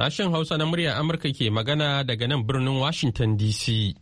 Sashen Hausa na muryar Amurka ke magana daga nan birnin Washington DC.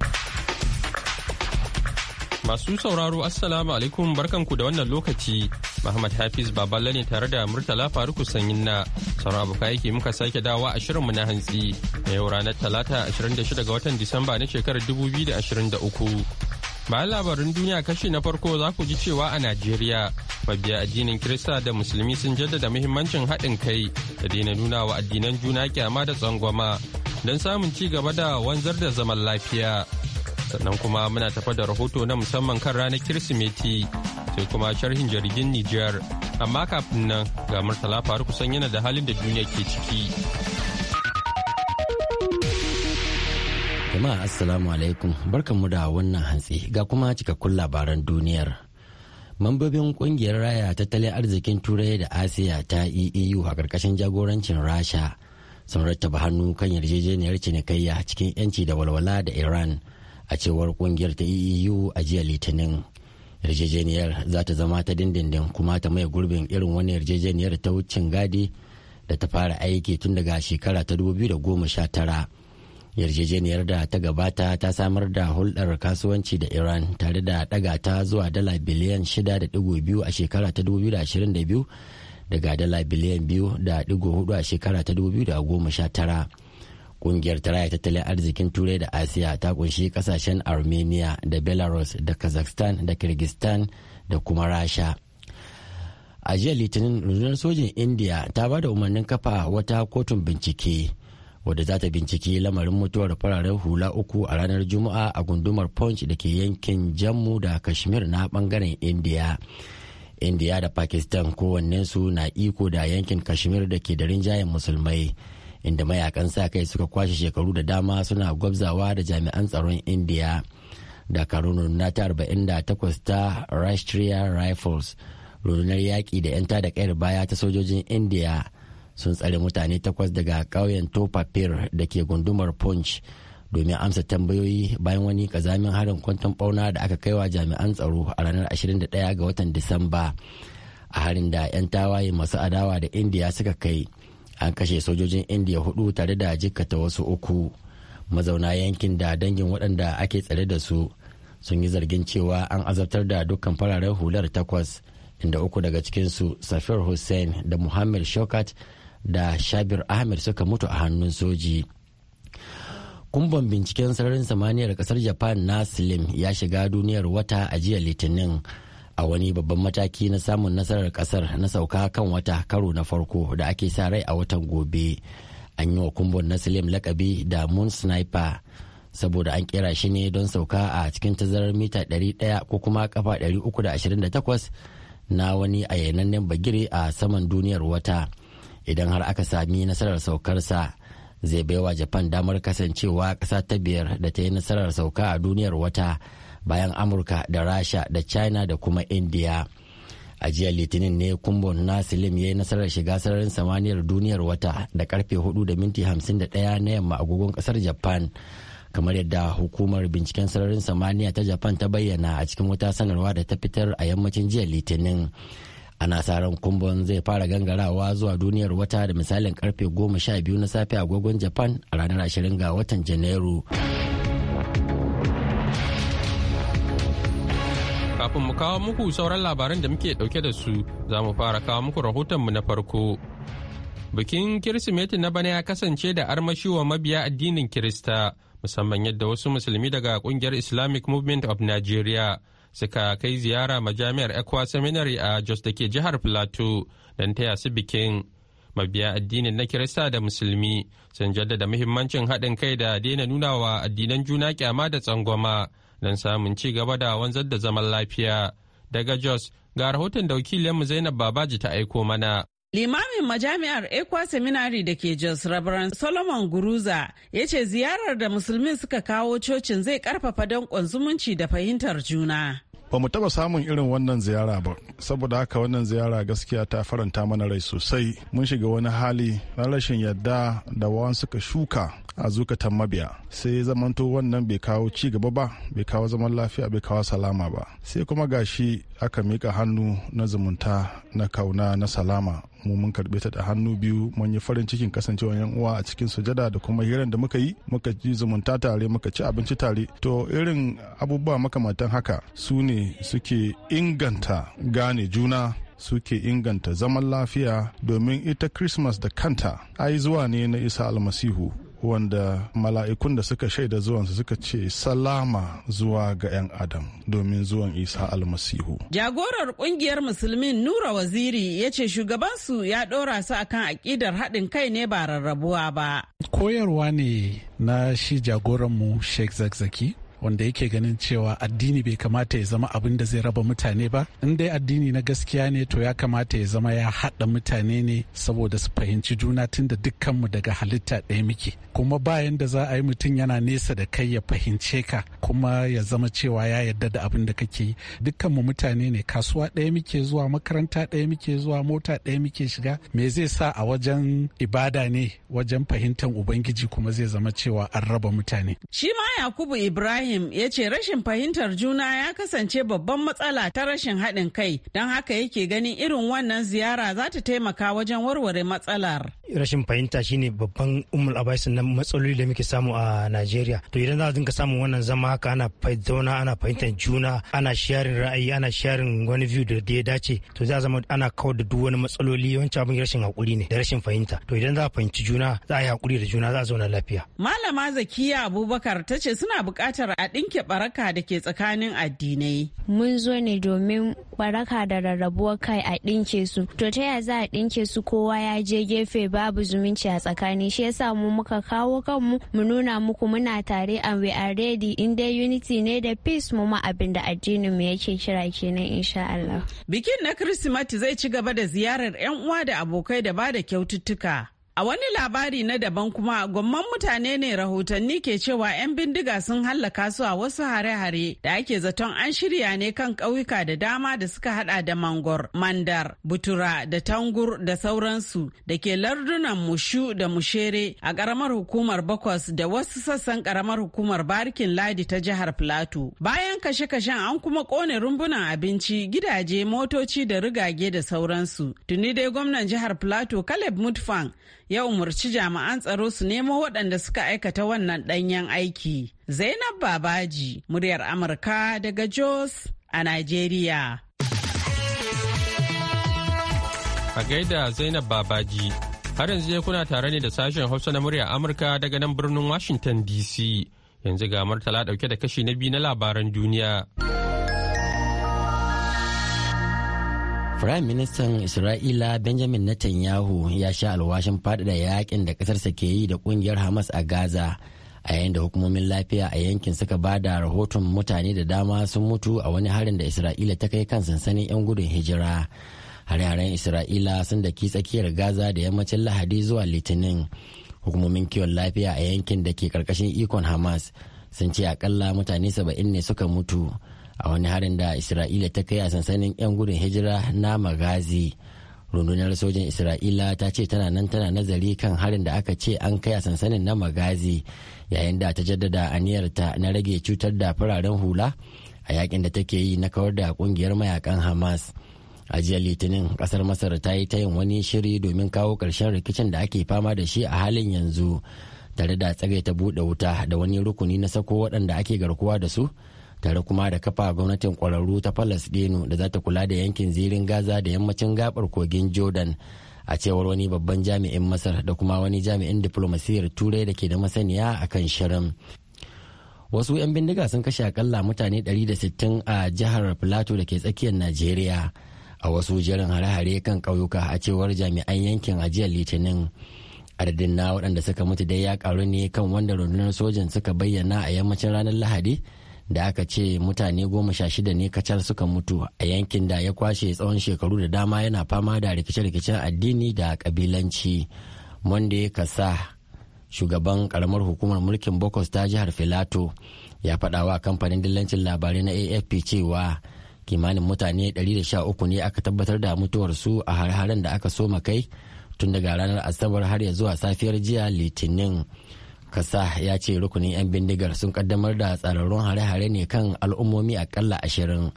Masu sauraro Assalamu alaikum barkanku da wannan lokaci. Muhammad Hafiz Baballe ne tare da Murtala Faruku Sanyin na sauran abokai yake muka sake dawa a shirinmu na hantsi na yau ranar Talata 26 ga watan Disamba na shekarar 2023. Bayan labarin duniya kashi na farko za ku ji cewa a Najeriya mabiya addinin Kirista da Musulmi sun jaddada muhimmancin haɗin kai da daina nuna wa addinan juna kyama da tsangwama don samun ci gaba da wanzar da zaman lafiya. Sannan kuma muna tafa da rahoto na musamman kan ranar Kirsimeti sai kuma sharhin jirgin Nijar. Amma kafin nan ga Murtala Faruk kusan yana da halin da duniya ke ciki. Jama'a Assalamu alaikum barkanmu da wannan hantsi ga kuma cikakkun labaran duniyar. Mambobin kungiyar raya tattalin arzikin Turai da Asiya ta EU e a karkashin jagorancin Rasha sun rattaba hannu kan yarjejeniyar cinikayya cikin 'yanci da walwala da Iran a cewar kungiyar ta EU e a jiya Litinin. Yarjejeniyar za ta zama ta dindindin kuma ta mai gurbin irin wani yarjejeniyar ta wucin gadi da ta fara aiki tun daga shekara ta 2019. yarjejeniyar da ta gabata ta samar da hulɗar kasuwanci da iran tare da ɗaga ta zuwa dala biliyan 6.2 a shekara ta 2022 daga dala biliyan 2.4 a shekara ta 2019 ta taraya tattalin arzikin turai da asiya ta kunshi kasashen armenia da belarus da kazakhstan da kyrgyzstan da kuma rasha a jiya litinin rundunar sojin india ta ba da umarnin kafa wata kotun bincike wadda za ta binciki lamarin mutuwar fararen hula uku a ranar juma'a a gundumar punch da ke yankin jammu da kashmir na bangaren india india da pakistan su na iko da yankin kashmir da ke da rinjayen musulmai inda mayakan sa kai suka kwashe shekaru da dama suna gwabzawa da jami'an tsaron india dakarun na ta 48 ta rashtriya rifles rundunar yaƙi da 'yan tada kayar baya ta sojojin india sun tsare mutane takwas daga ƙauyen topapir da ke gundumar punch domin amsa tambayoyi bayan wani kazamin harin kwanton bauna da aka kaiwa jami'an tsaro a ranar 21 ga watan disamba a harin da 'yan tawaye masu adawa da indiya suka kai an kashe sojojin indiya hudu tare da jikkata wasu uku mazauna yankin da dangin waɗanda ake tsare da su sun yi zargin cewa an azabtar da dukkan fararen hular takwas inda uku daga cikinsu safir hussein da muhammad shokat da shabir ahmed suka mutu a hannun soji kumban binciken sararin samaniyar kasar japan na slim ya shiga duniyar wata a jiya litinin a wani babban mataki na samun nasarar kasar na sauka kan wata karo na farko da ake sa rai a watan gobe an yi wa kumbon na slim lakabi da moon sniper saboda an kera shi ne don sauka a cikin tazarar mita 100 ko kuma kafa 328 na wani ayanannen bagire a saman duniyar wata. idan har aka sami nasarar saukarsa zai baiwa japan damar kasancewa ƙasa ta biyar da ta yi nasarar sauka a duniyar wata bayan amurka da rasha da china da kuma india a jiya litinin ne kumbon na silim ya yi nasarar shiga sararin samaniyar duniyar wata da karfe 4 da minti 51 na yamma agogon kasar japan kamar yadda hukumar binciken sararin samaniya ta japan ta bayyana a cikin wata sanarwa da ta fitar a yammacin jiya litinin ana sa kumbon zai fara gangarawa zuwa duniyar wata da misalin karfe 12. sha biyu na safe agogon japan a ranar 20 ga watan janairu kafin mu kawo muku sauran labaran da muke dauke da su za mu fara kawo muku rahotonmu na farko bikin kirsimeti na bana ya kasance da armashi wa mabiya addinin kirista musamman yadda wasu musulmi daga kungiyar islamic movement of nigeria suka kai ziyara ma Ekwa Seminary a Jos da ke jihar Plateau don taya su bikin. Mabiya addinin na Kirista da Musulmi sun jaddada muhimmancin haɗin kai da daina nuna wa addinan juna kyama da tsangwama don samun ci gaba da wanzar da zaman lafiya. Daga Jos ga rahoton da wakilinmu Zainab Babaji ta aiko mana. Limamin majami'ar Ekwa Seminary da ke Jos Reverend Solomon Guruza ya ce ziyarar da musulmin suka kawo cocin zai karfafa danƙon zumunci da fahimtar juna. ba mu taba samun irin wannan ziyara ba saboda haka wannan ziyara gaskiya ta faranta mana rai sosai mun shiga wani hali na rashin yadda da wawan suka shuka a zukatan mabiya sai zamanto wannan bai kawo ci gaba ba bai kawo zaman lafiya bai kawo salama ba sai kuma gashi aka mika hannu na zumunta na kauna na salama mu mun karbe ta da hannu biyu mun yi farin cikin kasancewa yan uwa a cikin sujada da kuma hirar da muka yi muka ji zumunta tare muka ci abinci tare to irin abubuwa makamantan haka su ne suke inganta gane juna suke inganta zaman lafiya domin ita christmas da kanta ai zuwa ne na isa almasihu wanda mala'ikun da suka shaida zuwansu suka ce salama zuwa ga 'yan adam domin zuwan isa almasihu jagorar kungiyar musulmin nura waziri ya ce shugabansu ya ɗora su a kan aƙidar haɗin kai ne ba rarrabuwa ba koyarwa ne na shi jagoranmu sheikh zakzaki wanda yake ganin cewa addini bai kamata ya zama abin da zai raba mutane ba in dai addini na gaskiya ne to ya kamata ya zama ya haɗa mutane ne saboda su fahimci juna tunda dukkanmu daga halitta ɗaya muke kuma bayan da za a yi mutum yana nesa da kai ya fahimce ka kuma ya zama cewa ya yarda da abin da kake yi dukkanmu mutane ne kasuwa ɗaya muke zuwa makaranta ɗaya muke zuwa mota ɗaya muke shiga me zai sa a wajen ibada ne wajen fahimtar ubangiji kuma zai zama cewa an raba mutane shi ma yakubu ibrahim Ibrahim ya ce rashin fahimtar juna ya kasance babban matsala ta rashin haɗin kai don haka yake ganin irin wannan ziyara za ta taimaka wajen warware matsalar. Rashin fahimta shine babban umul abaisin na matsaloli da muke samu a Najeriya. To idan za a dinka samun wannan zama haka ana zauna ana fahimtar juna ana sharin ra'ayi ana sharin wani view da ya dace to za zama ana kawar da duk wani matsaloli wancan abin rashin haƙuri ne da rashin fahimta. To idan za a fahimci juna za a yi haƙuri da juna za a zauna lafiya. Malama Zakiya Abubakar ta ce suna buƙatar a ɗinke baraka da ke tsakanin addinai. Mun zo ne domin baraka da rarrabuwa kai a ɗinke su. To ta yaya za a ɗinke su kowa ya je gefe babu zumunci a tsakani shi yasa mu muka kawo kanmu mu nuna muku muna tare a we are ready in dai unity ne da peace mu ma abin da addinin mu yake kira kenan insha Allah. Bikin na Kirsimati zai ci gaba da ziyarar 'yan uwa da abokai da ba da kyaututtuka. A wani labari na daban kuma gwamman mutane ne rahotanni ke cewa 'yan bindiga sun hallaka su a wasu hare-hare da ake zaton an shirya ne kan ƙauyuka da dama da suka hada da mangor, mandar, butura da tangur da sauransu da ke lardunan mushu da mushere a ƙaramar hukumar bakwas da wasu sassan ƙaramar hukumar barikin ladi ta jihar Plateau. Bayan kashe-kashen an kuma ƙone rumbunan abinci, gidaje, motoci da rigage da sauransu. Tuni dai gwamnan jihar Plateau Caleb Mutfang ya umarci jami'an tsaro su nemo waɗanda suka aikata wannan ɗanyen aiki. Zainab Babaji, muryar Amurka daga Jos a Najeriya. A gaida Zainab Babaji, har yanzu ya kuna tare ne da sashen Hausa na muryar Amurka daga nan birnin Washington DC. Yanzu ga Martala ɗauke da kashi na biyu na labaran duniya. Firayim Ministan Isra'ila Benjamin Netanyahu ya sha alwashin faɗaɗa yakin da ƙasarsa ke yi da ƙungiyar Hamas a Gaza a yayin da hukumomin lafiya a yankin suka ba da rahoton mutane da dama sun mutu a wani harin da Isra'ila ta kai kan sansanin 'yan gudun hijira. Hare-haren Isra'ila sun daki tsakiyar Gaza da yammacin Lahadi zuwa Litinin. Hukumomin kiwon lafiya a yankin da ke ƙarƙashin ikon Hamas sun ce akalla mutane saba'in ne suka mutu. a wani harin da isra'ila ta kai a sansanin 'yan gudun hijira na magazi rundunar sojin isra'ila ta ce tana nan tana nazari kan harin da aka ce an kai a sansanin na magazi yayin da ta jaddada aniyarta na rage cutar da fararen hula a yakin da take yi na kawar da kungiyar mayakan hamas a jiya litinin kasar masar ta yi ta yin wani shiri domin kawo ƙarshen rikicin da ake fama da shi a halin yanzu tare da tsagaita buɗe wuta da wani rukuni na sako waɗanda ake garkuwa da su tare kuma da kafa gwamnatin kwararru ta palestino da za ta kula da yankin zirin gaza da yammacin gabar kogin jordan a cewar wani babban jami'in masar da kuma wani jami'in diplomasiyyar turai da ke da masaniya akan shirin wasu 'yan bindiga sun kashe akalla mutane 160 a jihar plateau da ke tsakiyar najeriya a wasu jerin hare-hare kan ƙauyuka a cewar jami'an yankin ajiyar litinin adadin na waɗanda suka mutu dai ya karu ne kan wanda rundunar sojan suka bayyana a yammacin ranar lahadi da aka ce mutane goma sha shida ne kacal suka mutu a yankin da ya kwashe tsawon shekaru da dama yana fama da rikice-rikicen addini da kabilanci monday kasa shugaban karamar hukumar mulkin bokos ta jihar filato ya faɗa wa kamfanin dillancin labarai na afp cewa kimanin mutane 113 ne aka tabbatar da mutuwarsu a har-haren da aka soma kai tun daga ranar asabar har ya zuwa safiyar jiya litinin kasa ya ce rukunin 'yan bindigar sun kaddamar da tsararrun hare-hare ne kan al'ummomi akalla ashirin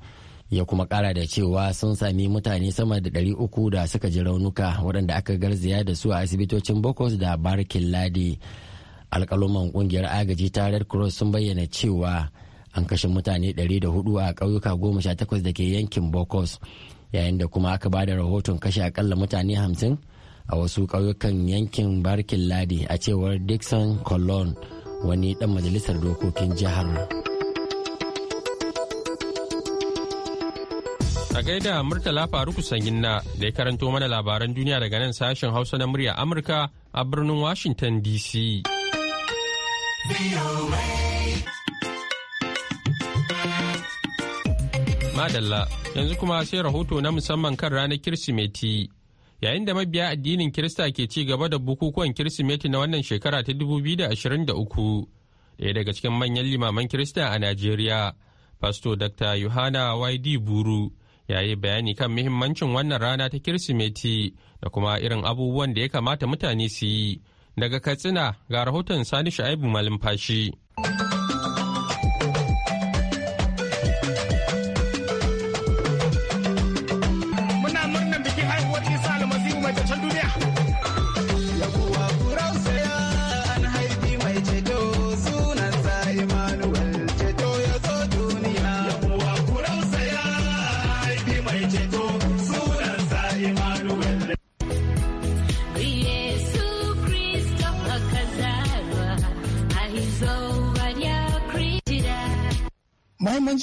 ya kuma kara da cewa sun sami mutane sama da ɗari uku da suka ji raunuka waɗanda aka garzaya da su a asibitocin bokos da barkin ladi alkaloman kungiyar agaji ta red cross sun bayyana cewa an kashe mutane 104 a ƙauyuka 18 da ke yankin bokos yayin da kuma aka ba da rahoton kashe akalla mutane 50 a wasu ƙauyukan yankin barkin ladi a cewar dixon colon wani ɗan majalisar dokokin jihar a gaida murtala faruku sanginna da ya karanto mana labaran duniya daga nan sashen hausa na murya amurka a birnin washington dc madalla yanzu kuma sai rahoto na musamman kan ranar kirsimeti yayin da mabiya addinin Kirista ke ci gaba da bukukuwan Kirsimeti na wannan shekara ta 2023. daya daga cikin manyan limaman Kirista a Najeriya, Pastor Dr. Yohana YD Buru, ya yi bayani kan muhimmancin wannan rana ta Kirsimeti da kuma irin abubuwan da ya kamata mutane su yi. Daga Katsina ga rahoton Sani Shu'aibu Malumfashi. fashi.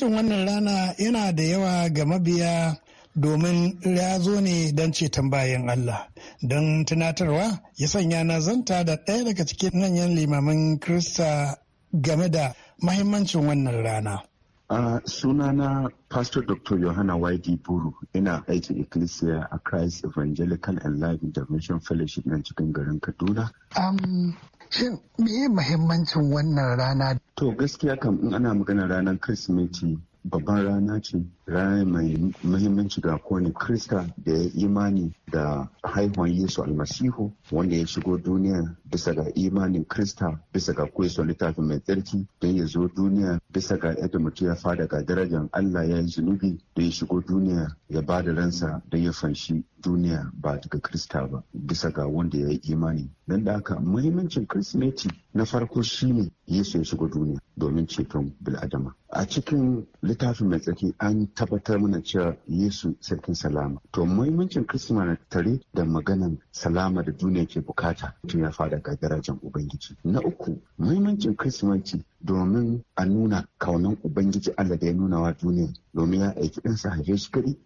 Aikin wannan rana yana da yawa ga mabiya domin ya zo ne don ceton bayan Allah. Don tunatarwa ya sanya na zanta da ɗaya daga cikin manyan limamin Krista game da mahimmancin wannan rana. Uh, sunana Pastor Dr. Yohana YD Buru ina aikin Ecclesia a Christ Evangelical and Life Intervention Fellowship na cikin garin Kaduna. Um, Shin meye mahimmancin wannan rana? To gaskiya kam in ana magana ranar Kirsimeti babban rana ce raya mai muhimmanci ga kowane krista da ya imani da haihuwan yesu almasihu wanda ya shigo duniya bisa ga imanin krista bisa ga koyarwar littafin mai tsarki don ya zo duniya bisa ga yadda mutum ya fada ga darajar allah ya yi zunubi da ya shigo duniya ya ba da ransa don ya fanshi duniya ba daga krista ba bisa ga wanda ya yi imani don da haka muhimmancin kirsimeti na farko shine yesu ya shigo duniya domin ceton bil'adama a cikin littafin mai tsarki an tabbatar mana cewa Yesu sarkin salama. To muhimmancin Kirsima na tare da maganan salama da duniya ke bukata tun ya fada ga darajar Ubangiji. Na uku muhimmancin Kirsimanci domin a nuna kaunan Ubangiji Allah da ya nuna wa duniya domin ya aiki ɗansa haife shi gari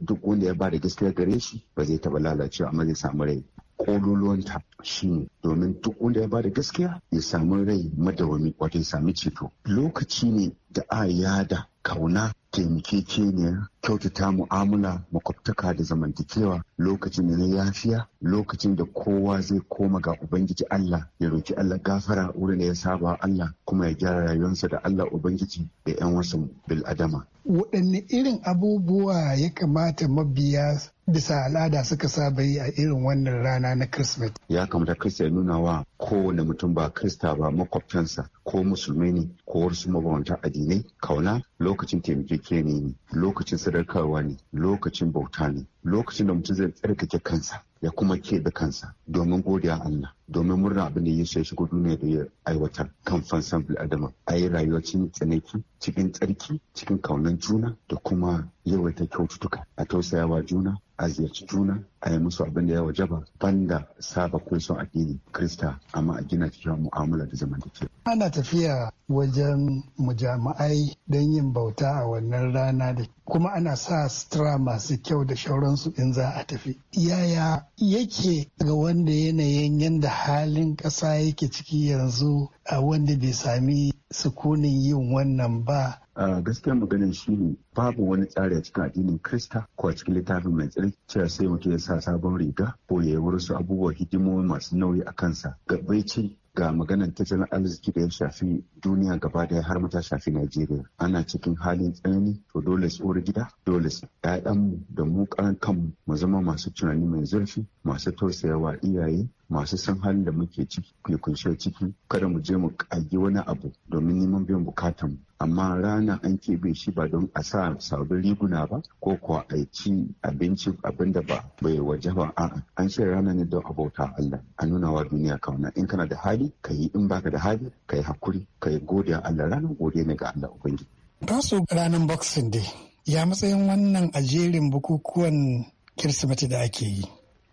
duk wanda ya ba da gaskiya gare shi ba zai taɓa lalacewa amma zai samu rai Ƙololuwanta shi ne domin duk wanda ya bada gaskiya ya samu rai madawami wato ya sami ceto lokaci ne da a yada kauna 景区青年。kyautata mu'amala makwabtaka da zamantakewa lokacin da na yafiya lokacin da kowa zai koma ga ubangiji Allah ya roki Allah gafara wurin da ya saba Allah kuma ya gyara rayuwarsa da Allah ubangiji da yan wasu bil adama waɗanne irin abubuwa ya kamata mabiya bisa al'ada suka saba yi a irin wannan rana na Christmas. Ya kamata Kirista ya nuna wa kowane mutum ba Kirista ba makwabtansa ko musulmi ne ko wasu mabawanta addinai kauna lokacin taimakekeniya ne lokacin sadaukarwa ne lokacin bauta ne lokacin da mutum zai tsarkake kansa ya kuma ke da kansa domin godiya Allah domin murna abin da ya ya shigo duniya da ya aiwatar kan fansan bil'adama a yi rayuwa cikin tsanaki cikin tsarki cikin kaunan juna da kuma yawaita kyaututtuka a tausayawa juna a ziyarci juna a yi musu abin da ya wajaba banda saba a addini krista amma a gina cikin mu'amala da zamantakewa. ana tafiya wajen mujama'ai don yin bauta a wannan rana da kuma ana sa sutura masu kyau da shauransu in za a tafi yaya yake ga wanda yanayin yadda halin ƙasa yake ciki yanzu a wanda bai sami sukunin yin wannan ba a gaskiya maganin shi ne babu wani tsari a cikin addinin krista ko a cikin littafin mai tsarki cewa sai mutum ya sa sabon riga ko ya yi wasu abubuwa hidimomi masu nauyi a kansa gabai ce ga maganar tattalin arziki da ya shafi duniya gaba daya har mata shafi Najeriya. Ana cikin halin tsanani to dole tsoro gida dole su ɗaɗanmu da mu karan kanmu mu zama masu tunani mai zurfi masu tausayawa iyaye masu san halin da muke ciki kunshe ciki kada mu je mu kage wani abu domin neman biyan bukatanmu. amma rana an keɓe shi ba don a sa sabbin riguna ba ko kuwa a ci abinci abin da ba bai waje ba a an ce rana ne don abota Allah a nuna wa duniya kauna in kana da hali ka yi in baka da hali ka yi hakuri ka yi godiya Allah ranar gode ne ga Allah ubangiji. Taso ranar Boxing Day ya matsayin wannan a jerin bukukuwan Kirsimeti da ake yi.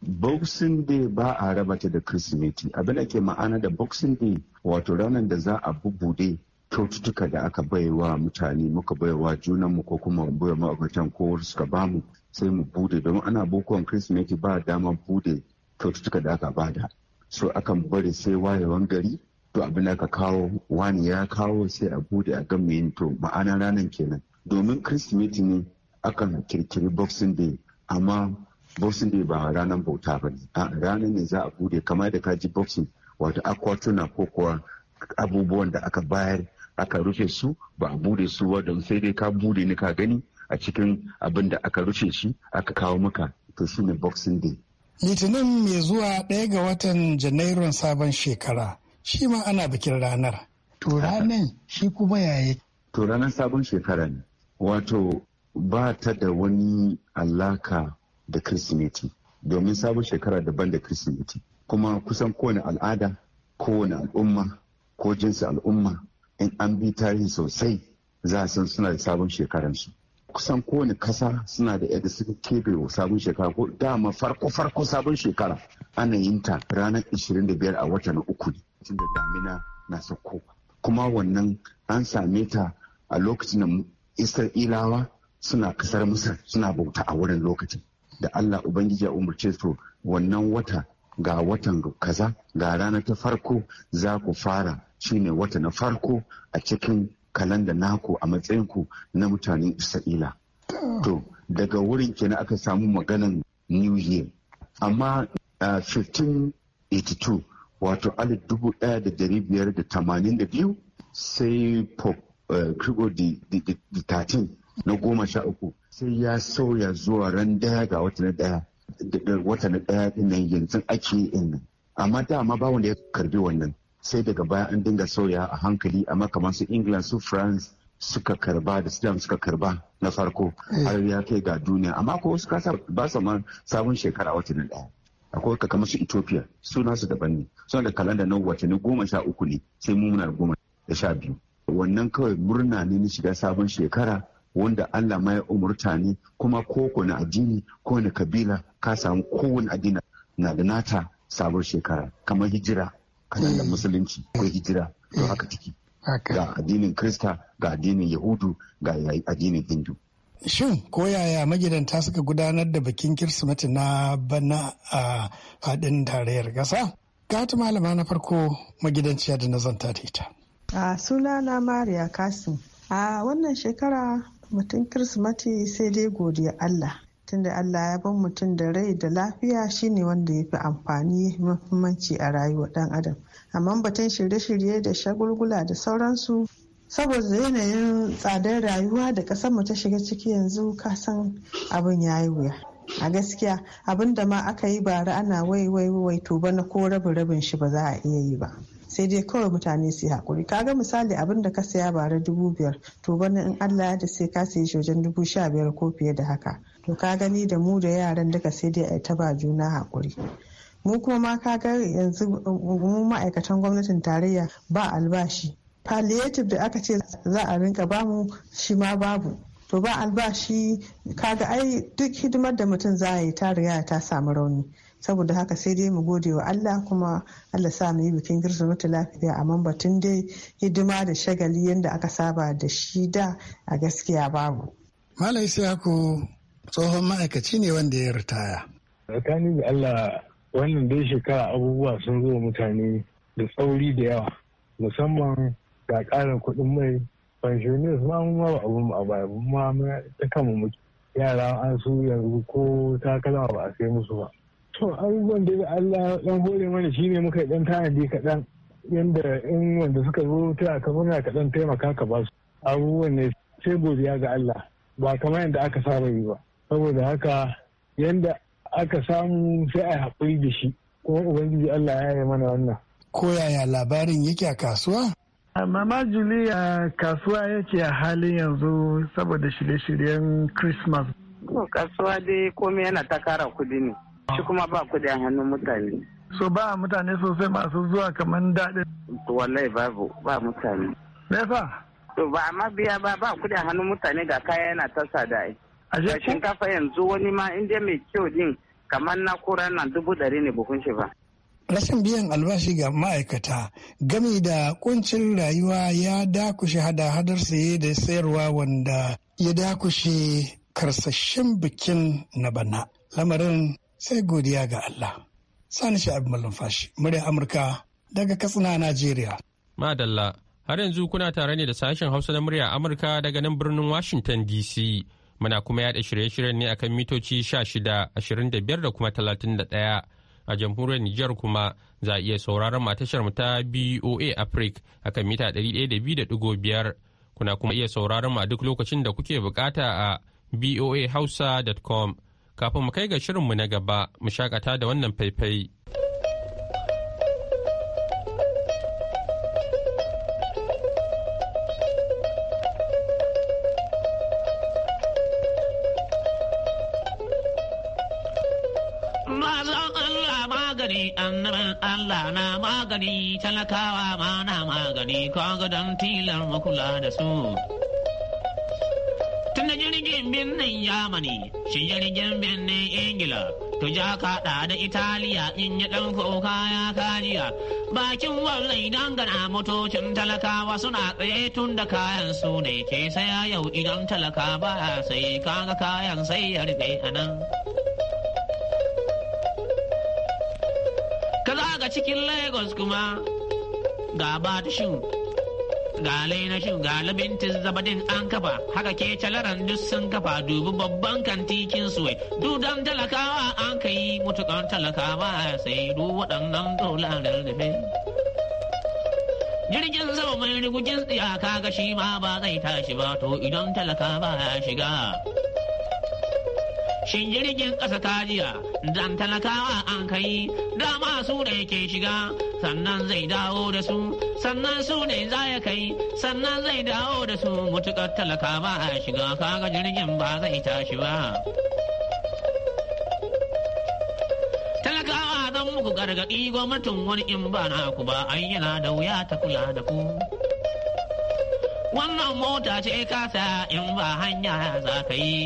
Boxing Day ba a raba ta da Kirsimeti abin da ke ma'ana da Boxing Day wato ranar da za a bubude kyaututtuka da aka baiwa mutane muka baiwa junanmu ko kuma baiwa ma'aikatan ko suka bamu sai mu bude don ana bukuwan kirsimeti ba dama bude kyaututtuka da aka bada so akan bari sai wayewan gari to abin da aka kawo wani ya kawo sai a bude a gan mai to ma'ana ranar kenan domin kirsimeti ne akan kirkiri boxing day amma boxing day ba ranar bauta ba ne ranar ne za a bude kamar da ka ji boxing wato akwatuna ko kuwa abubuwan da aka bayar aka rufe su ba a bude su ba don sai dai ka bude ni ka gani a cikin abin da aka rufe shi aka kawo maka to shine boxing day litinin mai zuwa ɗaya ga watan janairun sabon shekara shi ma ana bikin ranar to ranar shi kuma yaya to ranar sabon shekara ne wato ba ta da wani alaka da kirsimeti domin sabon shekara daban da kirsimeti kuma kusan kowane al'ada kowane al'umma ko jinsi al'umma in an bi tarihi sosai za a san suna da sabon shekaransu kusan kowane kasa suna da yadda suka kebe sabon shekara ko dama farko farko sabon shekara ana yin ta ranar 25 a watan uku tun da damina na sauko kuma wannan an same ta a lokacin da isra'ilawa suna kasar musar suna bauta a wurin lokacin da allah ubangiji ya umarce su wannan wata ga watan kaza ga rana ta farko za ku fara shine wata na farko a cikin kalanda naku a matsayinku na mutanen isra'ila to daga wurin kenan aka samu maganan new year amma 1582 wato alif dubu biyu sai pope krigo da 13 na goma sha uku sai ya sauya zuwa ran daya ga wata na daya wata na daya yanzu ake yin amma dama ba wanda ya karbi wannan sai daga baya an dinga sauya a hankali amma kamar su england su france suka karba da sudan suka karba na farko eh. har ya kai ga duniya amma ko wasu kasa ba su ma sabon shekara watanni daya akwai ka kamar su ethiopia suna su daban ne suna da kalanda na watanni goma sha uku ne sai mu muna goma da sha biyu wannan kawai murna ne na shiga sabon shekara wanda allah ma ya umurta ne kuma ko na addini ko kabila ka samu kowane addini na da nata sabon shekara kamar hijira kana da mm. musulunci ko hijira don mm. haka ciki ga addinin krista ga addinin yahudu ga addinin hindu Shin ko yaya magidanta suka gudanar da bikin Kirsimeti na bana a hadin tarayyar gasa? Ga ta malama na farko magidanciya da nazanta da ita. A na Mariya Kasim. A wannan shekara mutum Kirsimeti sai dai godiya Allah. tunda Allah ya bar mutum da rai da lafiya shine wanda ya fi amfani muhimmanci a rayuwar dan adam amma batun shirye-shirye da shagulgula da sauransu saboda yanayin tsadar rayuwa da kasar mu ta shiga ciki yanzu kasan abin ya yi wuya a gaskiya abin da ma aka yi bara ana wai wai wai to bana ko rabin rabin shi ba za a iya yi ba sai dai kawai mutane su haƙuri kaga misali abin da ka saya bara dubu biyar to bana in allah ya da sai ka sayi shojan dubu sha biyar ko fiye da haka to ka gani da mu da yaran duka sai dai a ta ba juna hakuri mu kuma ma ka ga yanzu mu ma'aikatan gwamnatin tarayya ba albashi palliative da aka ce za a rinka mu shi ma babu to ba albashi kaga ai duk hidimar da mutum za a yi ta riga ta samu rauni saboda haka sai dai mu gode wa Allah kuma Allah sa mu yi bikin mata lafiya amma batun dai hidima da shagali yadda aka saba da shi da a gaskiya babu. Malai sai tsohon ma'aikaci ne wanda ya ritaya. tsakanin da allah wannan dai shekara abubuwa sun zo mutane da tsauri da yawa musamman ga ƙarin kuɗin mai pensioners ma mu ba abun a baya ma ta kama mu yara an su yanzu ko takalma ba a sai musu ba to abubuwan da allah dan hore mana shine muka dan tanadi kaɗan yadda in wanda suka zo ta ka muna kaɗan taimaka ka ba su abubuwan ne sai godiya ga Allah ba kamar yadda aka saba yi ba. saboda haka yanda aka samu sai a haƙuri da shi kuma ubangiji allah ya yi mana wannan ko yaya labarin yake a kasuwa mama julia kasuwa yake a halin yanzu saboda shirye-shiryen christmas kasuwa dai komai yana ta kara kudi ne shi kuma ba kudi a hannun mutane so ba mutane sosai masu zuwa kamar daɗin wallahi babu ba mutane me yasa to ba amma biya ba ba kudi a hannun mutane ga kaya yana ta sada a shinkafa yanzu wani ma inda mai kyau din kamar na kura na dubu dari ne bukun shi ba rashin biyan albashi ga ma'aikata gami da kuncin rayuwa ya dakushe hada-hadar saye da sayarwa wanda ya dakushe karsashen bikin na bana lamarin sai godiya ga Allah. Sani Sha'ib Malumfashi, murya Amurka daga Katsina, Najeriya. Madalla, har yanzu kuna tare ne da sashen Hausa na murya Amurka daga nan birnin Washington DC. Muna kuma yada shirye-shiryen ne akan mitoci 16, 25 da kuma 31 a jamhuriyar Nijar kuma za a iya sauraron matashar mu ta BOA Africa akan mita 102.5 kuna kuma iya sauraron a duk lokacin da kuke bukata a boahausa.com kafin mu kai ga shirinmu na gaba mu shakata da wannan faifai. Allah na magani talakawa ma na magani kaga don tilar makula da su. Tun da jirgin birnin Yamani, shi jirgin birnin Ingila, to ja kaɗa da Italiya in yi ɗan kuka ya kajiya. Bakin wannan idan gana motocin talakawa suna tsaye tun da kayan su ne ke saya yau idan talaka ba sai kaga kayan sai ya rufe a nan. cikin Lagos kuma ga Batushin, ga Lainashin, ga Labintin Zabadin an kafa, haka ke calaran duk sun kafa dubi babban kantikin suwai. Dudan talakawa an kai yi mutukan talakawa sai du waɗannan dolarar da Jirgin sama mai rigujin tsiyaka ga shi ma ba zai tashi ba to idan talakawa ya shiga. Shin jirgin ƙasa ta jiya dan talakawa an kai dama su da yake shiga sannan zai dawo da su sannan su ne za ya kai sannan zai dawo da su mutukar talaka ba a shiga kaga jirgin ba zai tashi ba talakawa zan muku gargaɗi gwamnatin wani in ba na ku ba ayyana da wuya ta kula da ku wannan mota ce kasa in ba hanya za ka yi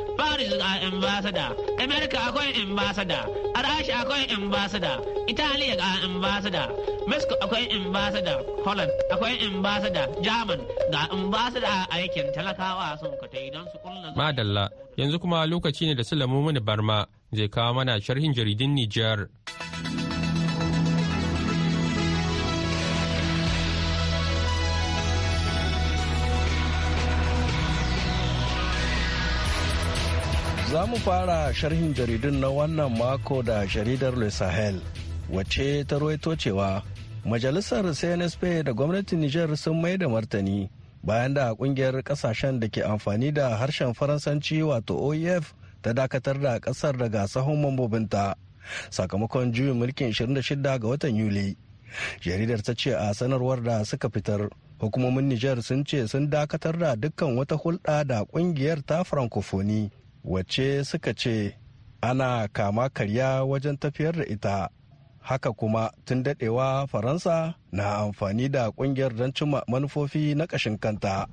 Paris a ambasada America akwai a Rasha akwai ambasada Italiya a ambasada Mexico akwai ambasada, Holland akwai ambasada, German ga a aikin talakawa sun ka don su kullum. Madalla, yanzu kuma lokaci ne da lamu Mini Barma zai kawo mana sharhin jaridin Nijar. Za mu fara sharhin jaridun na wannan mako da jaridar Le Sahel, wacce ta ruwaito cewa Majalisar CNSP da gwamnatin Nijar sun mai da martani bayan da kungiyar kasashen da ke amfani da harshen Faransanci wato OEF ta dakatar da kasar daga sahun mambobinta sakamakon juyin mulkin 26 ga watan Yuli. Jaridar ta ce a sanarwar da suka fitar hukumomin Nijar sun ce sun dakatar da dukkan wata hulɗa da kungiyar ta Francophonie wacce suka ce ana kama karya wajen tafiyar da ita haka kuma tun dadewa faransa na amfani da kungiyar don cimma manufofi na ƙashin kanta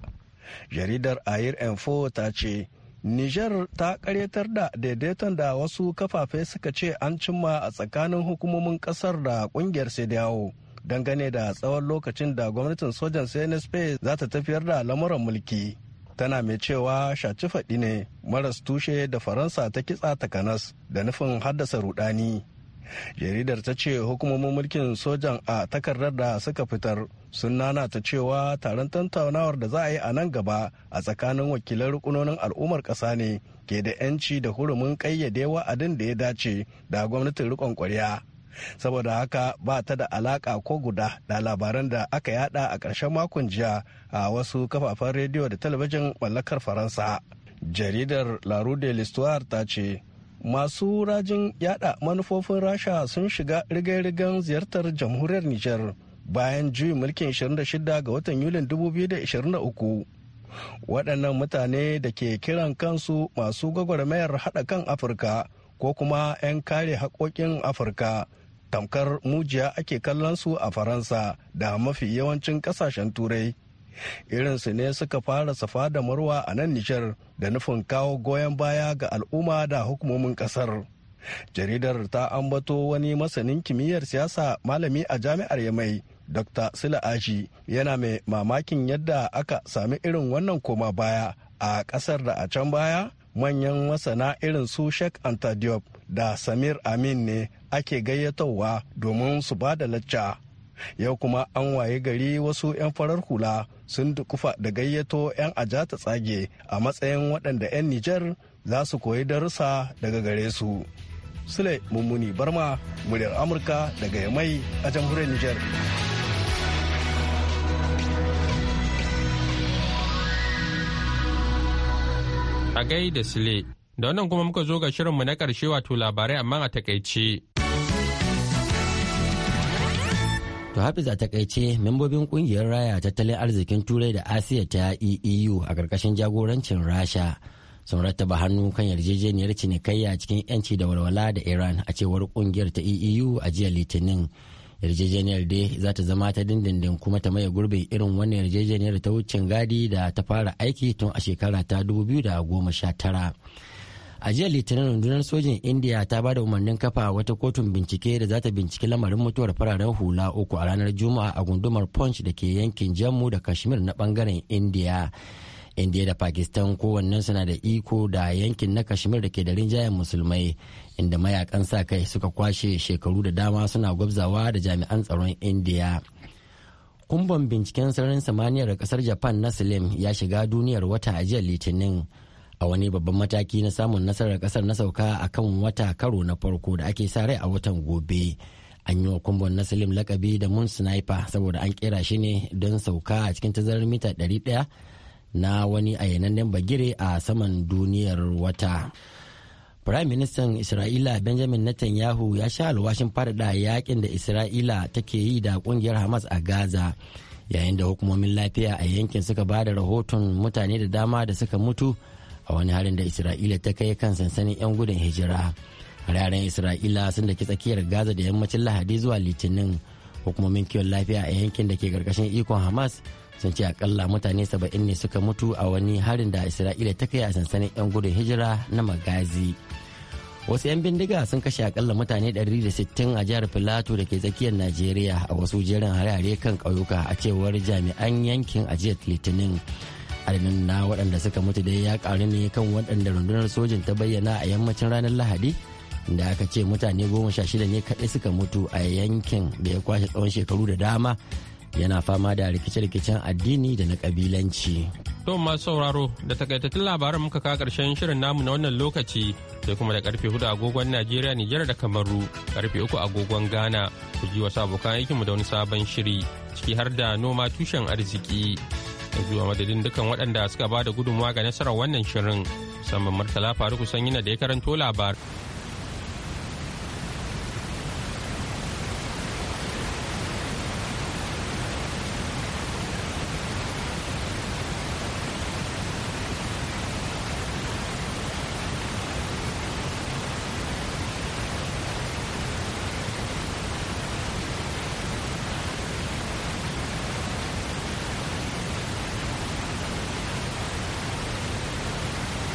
jaridar air info ta ce niger ta karyatar da daidaiton da wasu kafafe suka ce an cimma a tsakanin hukumomin kasar da kungiyar yawo dangane da tsawon lokacin da gwamnatin sojan cnsp za ta tafiyar da lamuran mulki tana mai cewa shaci faɗi ne maras tushe da faransa ta kitsa takanas da nufin haddasa rudani jaridar ta ce hukumomin mulkin sojan a takardar da suka fitar sun nanata cewa taron tattaunawar da za a yi a nan gaba a tsakanin wakilan rukunonin al'ummar ƙasa ne ke da 'yanci da hurumin ƙayyade wa'adin da ya dace da gwamnatin riƙon ƙwarya saboda haka ba ta da alaka ko guda da labaran da aka yada a ƙarshen makon jiya a wasu kafafen rediyo da talabijin mallakar faransa jaridar la de ta ce masu rajin yada manufofin rasha sun shiga rigar-rigar ziyartar jamhuriyar niger bayan juyin mulkin 26 ga watan yulin 2023 waɗannan mutane da ke kiran kansu masu gwagwarmayar haɗa kan afirka ko kuma 'yan kare haƙoƙin afirka tamkar mujiya ake kallon su a faransa da mafi yawancin kasashen turai irinsu ne suka fara safa da marwa a nan nijar da nufin kawo goyon baya ga al'umma da hukumomin kasar jaridar ta ambato wani masanin kimiyyar siyasa malami a jami'ar yamai dr sila aji yana mai mamakin yadda aka sami irin wannan koma baya a kasar da a can baya manyan masana irin su sheikh antadiop da samir amin ne ake gayyatowa domin su ba da lacca yau kuma an waye gari wasu 'yan farar hula sun dukufa da gayyato 'yan ajata tsage a matsayin waɗanda 'yan nijar za su koyi darussa daga gare su sule mummuni barma muryar amurka daga yamai a jamhuriyar nijar a gaida sule Da wannan kuma muka zo ga shirinmu na ƙarshe wato labarai amma a takaice. To Hafiz a takaice membobin ƙungiyar raya tattalin arzikin Turai da Asiya ta EU e a ƙarƙashin jagorancin Rasha sun rattaba hannu kan yarjejeniyar cinikayya cikin 'yanci da walwala da Iran a cewar ƙungiyar ta EU e a jiya Litinin. Yarjejeniyar dai za ta zama ta dindindin kuma ta maye gurbin irin wannan yarjejeniyar ta wucin gadi da ta fara aiki tun a shekara ta 2019. a jiya litinin rundunar sojin india ta ba da umarnin kafa wata kotun bincike da zata binciki lamarin mutuwar fararen hula uku a ranar juma'a a gundumar punch da ke yankin jammu da kashmir na bangaren india india da pakistan kowannen suna da iko da yankin na kashmir da ke da rinjayen musulmai inda mayakan sa kai suka kwashe shekaru da dama suna gwabzawa da jami'an tsaron india. kumban binciken sararin samaniyar kasar japan na slim ya shiga duniyar wata ajiyar litinin a wani babban mataki na samun nasarar kasar na sauka a kan wata karo na farko da ake sa rai a watan gobe an yi wa kumbon na salim lakabi da mun sniper saboda an kera shi ne don sauka a cikin tazarar mita 100 na wani ayyanannen bagire a saman duniyar wata Firayim Ministan Isra'ila Benjamin Netanyahu ya sha alwashin faɗaɗa yakin da Isra'ila take yi da ƙungiyar Hamas a Gaza. yayin da hukumomin lafiya a yankin suka ba da rahoton mutane da dama da suka mutu a wani harin da isra'ila ta kai kan sansanin 'yan gudun hijira hararen isra'ila sun daki tsakiyar gaza da yammacin lahadi zuwa litinin hukumomin kiwon lafiya a yankin da ke karkashin ikon hamas sun ce akalla mutane saba'in ne suka mutu a wani harin da isra'ila ta kai a sansanin 'yan gudun hijira na magazi wasu 'yan bindiga sun kashe akalla mutane 160 a jihar filato da ke tsakiyar najeriya a wasu jerin hare-hare kan ƙauyuka a cewar jami'an yankin a litinin adadin na waɗanda suka mutu dai ya ƙaru ne kan waɗanda rundunar sojin ta bayyana a yammacin ranar lahadi da aka ce mutane goma sha shida ne kaɗai suka mutu a yankin da ya kwashe tsawon shekaru da dama yana fama da rikice-rikicen addini da na kabilanci. To masu sauraro da takaitattun labaran muka ka karshen shirin namu na wannan lokaci sai kuma da karfe hudu agogon Najeriya Nijar da Kamaru karfe uku agogon Ghana ku ji wasu abokan aikinmu da wani sabon shiri ciki har da noma tushen arziki. yanzu a madadin dukkan waɗanda suka ba da gudunmawa ga nasarar wannan shirin musamman murtala faruku yana da ya karanto labar